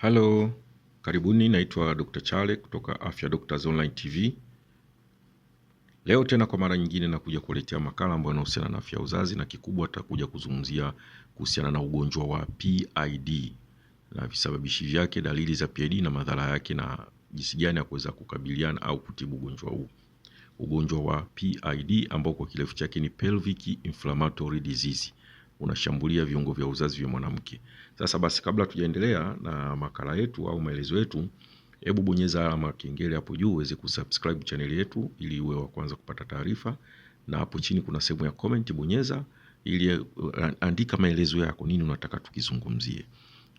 Halo, karibuni. Naitwa Dr. Chale kutoka Afya Doctors Online TV. Leo tena kwa mara nyingine nakuja kuletea makala ambayo yanahusiana na afya ya uzazi, na kikubwa tutakuja kuzungumzia kuhusiana na ugonjwa wa PID na visababishi vyake, dalili za PID na madhara yake, na jinsi gani ya kuweza kukabiliana au kutibu ugonjwa huu. Ugonjwa wa PID ambao kwa kirefu chake ni pelvic inflammatory disease unashambulia viungo vya uzazi vya mwanamke. Sasa basi, kabla tujaendelea na makala yetu au maelezo yetu, hebu bonyeza alama ya kengele hapo juu uweze kusubscribe channel yetu ili uwe wa kwanza kupata taarifa, na hapo chini kuna sehemu ya comment, bonyeza ili uh, andika maelezo yako, nini unataka tukizungumzie.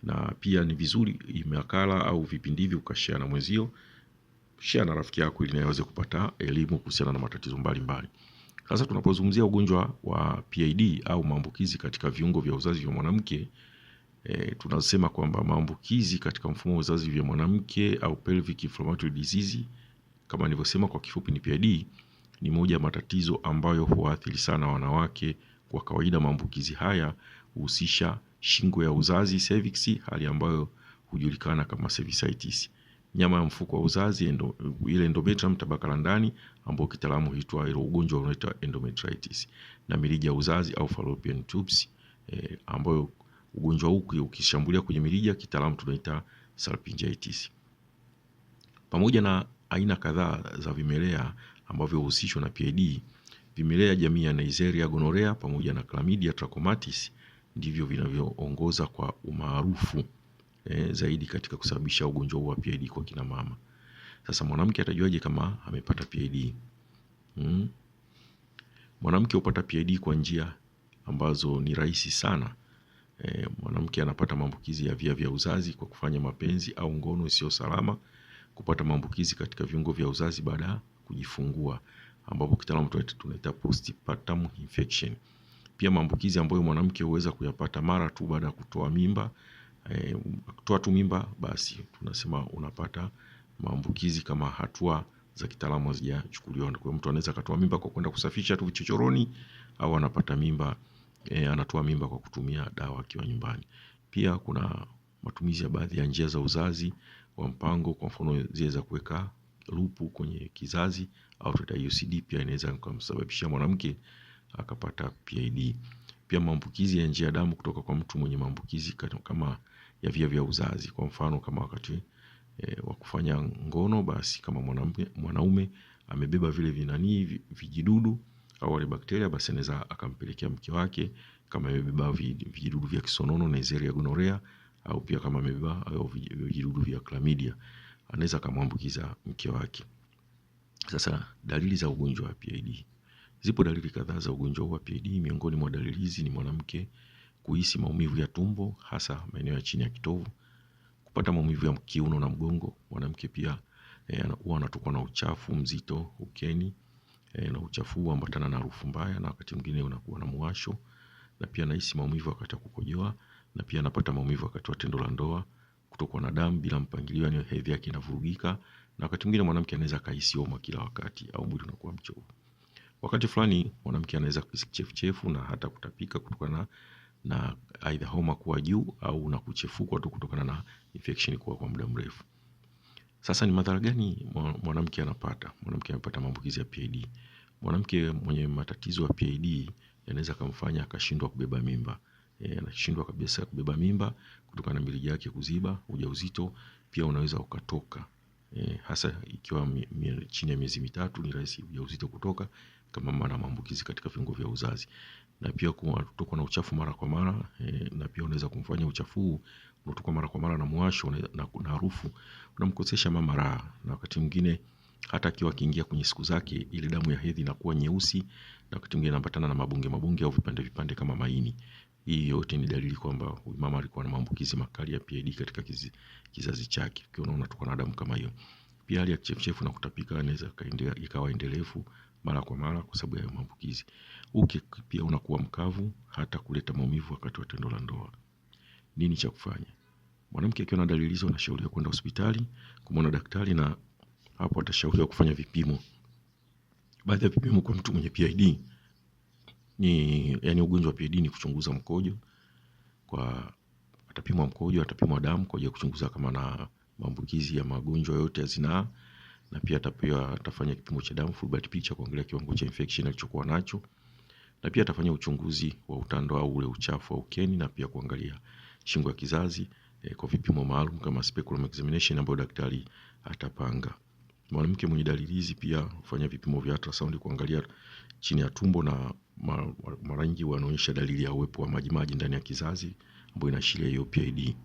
Na pia ni vizuri makala au vipindi hivi ukashare na mwenzio, share na rafiki yako ili naweze kupata elimu kuhusiana na matatizo mbalimbali mbali. Sasa tunapozungumzia ugonjwa wa PID au maambukizi katika viungo vya uzazi vya mwanamke e, tunasema kwamba maambukizi katika mfumo wa uzazi vya mwanamke au pelvic inflammatory disease kama nilivyosema kwa kifupi ni PID, ni moja ya matatizo ambayo huathiri sana wanawake. Kwa kawaida maambukizi haya huhusisha shingo ya uzazi cervix, hali ambayo hujulikana kama cervicitis nyama ya mfuko wa uzazi endo, ile endometrium tabaka la ndani ambao kitaalamu huitwa ile ugonjwa unaoitwa endometritis na mirija ya uzazi au fallopian tubes eh, ambayo ugonjwa huu ukishambulia kwenye mirija kitaalamu tunaita salpingitis. Pamoja na aina kadhaa za vimelea ambavyo huhusishwa na PID, vimelea jamii ya Neisseria gonorrhea pamoja na Chlamydia trachomatis ndivyo vinavyoongoza kwa umaarufu e, zaidi katika kusababisha ugonjwa huu wa PID kwa kina mama. Sasa mwanamke atajuaje kama amepata PID? Hmm? Mwanamke hupata PID kwa njia ambazo ni rahisi sana. E, mwanamke anapata maambukizi ya via vya uzazi kwa kufanya mapenzi au ngono isiyo salama, kupata maambukizi katika viungo vya uzazi baada ya kujifungua ambapo kitaalamu tunaita postpartum infection. Pia maambukizi ambayo mwanamke huweza kuyapata mara tu baada ya kutoa mimba kutoa eh, tu mimba basi tunasema unapata maambukizi kama hatua za kitaalamu hazijachukuliwa. Kwa hiyo mtu anaweza akatoa mimba kwa kwenda kusafisha tu chochoroni au anapata mimba e, anatoa mimba kwa kutumia dawa akiwa nyumbani. Pia kuna matumizi ya baadhi ya njia za uzazi wa mpango, kwa mfano zile za kuweka lupu kwenye kizazi au tuta UCD, pia inaweza kumsababishia mwanamke akapata PID. Pia maambukizi ya njia ya damu kutoka kwa mtu mwenye maambukizi kama ya via vya uzazi. Kwa mfano kama wakati e, wa kufanya ngono, basi kama mwanaume, amebeba vile vinanii vijidudu au wale bakteria, basi anaweza akampelekea mke wake. Kama amebeba vijidudu vya kisonono Neisseria gonorrhea, au pia kama amebeba vijidudu vya chlamydia anaweza akamwambukiza mke wake. Sasa dalili za ugonjwa wa PID. Zipo dalili kadhaa za ugonjwa wa PID. Miongoni mwa dalili hizi ni mwanamke kuhisi maumivu ya tumbo hasa maeneo ya chini ya kitovu, kupata maumivu ya kiuno na mgongo. Mwanamke pia eh, huwa anatokwa na uchafu mzito ukeni e, na uchafu ambatana na harufu mbaya na wakati mwingine unakuwa na muwasho, na pia anahisi maumivu wakati wa kukojoa, na pia anapata maumivu wakati wa tendo la ndoa, kutokwa na damu bila mpangilio, yani hedhi yake inavurugika, na wakati mwingine mwanamke anaweza kahisi homa kila wakati au mwili unakuwa mchovu. Wakati fulani mwanamke anaweza kuhisi kichefuchefu na hata kutapika kutokana na na aidha homa kuwa juu au na kuchefukwa tu kutokana na infection kuwa kwa muda mrefu. Sasa ni madhara gani mwanamke anapata? Mwanamke anapata maambukizi ya PID. Mwanamke mwenye matatizo ya PID yanaweza kumfanya akashindwa kubeba mimba. E, anashindwa kabisa kubeba mimba kutokana na mirija yake kuziba, ujauzito pia unaweza ukatoka. E, hasa ikiwa chini ya miezi mitatu ni rahisi ujauzito kutoka kama mara maambukizi katika viungo vya uzazi, na pia kutokwa na uchafu mara kwa mara e, na pia unaweza kumfanya uchafu huu mara kwa mara na mwasho na harufu unamkosesha mama raha, na wakati mwingine hata akiwa akiingia kwenye siku zake ile damu ya hedhi inakuwa nyeusi, na wakati mwingine inaambatana na mabunge mabunge au vipande vipande kama maini. Hii yote ni dalili kwamba huyu mama alikuwa na maambukizi makali ya PID katika kizi, kizazi chake. Ukiona unatokwa na damu kama hiyo, pia hali ya kichefuchefu na kutapika inaweza ikawa endelevu mara kwa mara kwa sababu ya maambukizi. Uke pia unakuwa mkavu hata kuleta maumivu wakati wa tendo la ndoa. Nini cha kufanya? Mwanamke akiwa na dalili hizo anashauriwa kwenda hospitali kumwona daktari, na hapo atashauriwa kufanya vipimo. Baadhi ya vipimo kwa mtu mwenye PID ni yani, ugonjwa wa PID ni kuchunguza mkojo kwa atapimwa mkojo, atapimwa damu kwa ajili ya kuchunguza kama na maambukizi ya magonjwa yote ya zinaa na pia atapewa atafanya kipimo cha damu full blood picture kuangalia kiwango cha infection alichokuwa nacho, na pia atafanya uchunguzi wa utando au ule uchafu au ukeni, na pia kuangalia shingo ya kizazi eh, kwa vipimo maalum kama speculum examination ambayo daktari atapanga. Mwanamke mwenye dalili hizi pia hufanya vipimo vya ultrasound kuangalia chini ya tumbo, na mara nyingi wanaonyesha dalili ya uwepo wa majimaji ndani ya kizazi ambayo inaashiria hiyo PID.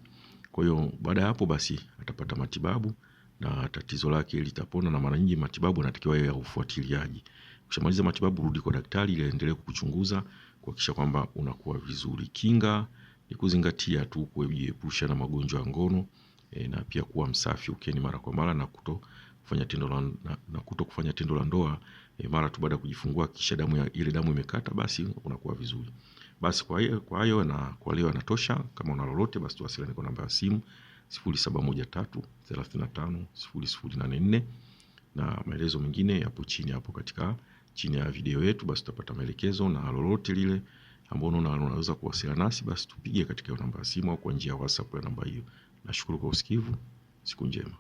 Kwa hiyo baada ya hapo basi atapata matibabu na tatizo lake litapona, na mara nyingi matibabu yanatakiwa ya ufuatiliaji. Ukishamaliza matibabu, rudi kwa daktari ili aendelee kukuchunguza kuhakikisha kwamba unakuwa vizuri. Kinga ni kuzingatia tu kujiepusha na magonjwa ya ngono e, na pia kuwa msafi, ukeni mara kwa mara na kuto kufanya tendo la, na, na kuto kufanya tendo la ndoa e, mara tu baada ya kujifungua, kisha damu ya, ile damu imekata, basi unakuwa vizuri. Basi kwa hiyo kwa hiyo na kwa leo anatosha. Kama una lolote, basi tuwasiliane kwa namba ya simu. 0713 na maelezo mengine yapo chini hapo katika chini ya video yetu. Basi utapata maelekezo na lolote lile ambao unaona unaweza kuwasiliana nasi, basi tupige katika namba ya simu au kwa njia ya WhatsApp ya namba hiyo. Nashukuru kwa usikivu. Siku njema.